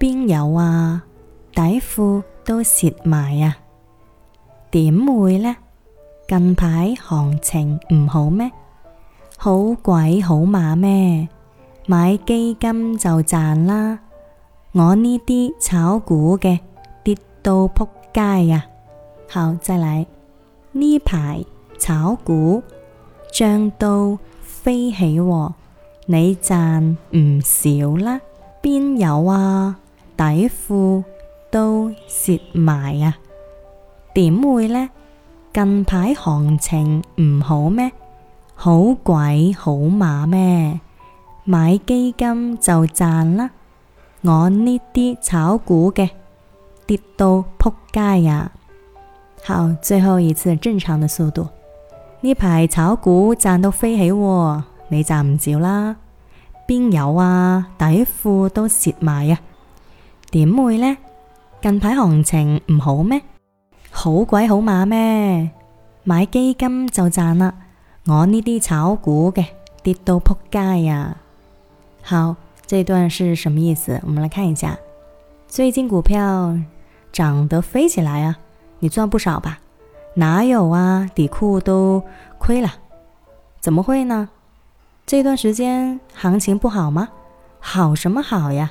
邊有啊？底褲都蝕埋啊！點會呢？近排行情唔好咩？好鬼好馬咩？買基金就賺啦。我呢啲炒股嘅跌到撲街啊！好，再嚟，呢排炒股漲到飛起喎，你賺唔少啦？邊有啊？底褲都蝕埋啊！點會呢？近排行情唔好咩？好鬼好馬咩？買基金就賺啦。我呢啲炒股嘅跌到撲街啊！好，最後一次正常嘅速度，呢排炒股賺到飛起喎，你賺唔少啦？邊有啊？底褲都蝕埋啊！點會呢？近排行情唔好咩？好鬼好馬咩？買基金就賺啦！我呢啲炒股嘅跌到撲街呀！好，這段是什麼意思？我們來看一下，最近股票漲得飛起來啊！你賺不少吧？哪有啊？底褲都虧啦！怎麼會呢？這段時間行情不好嗎？好什麼好呀？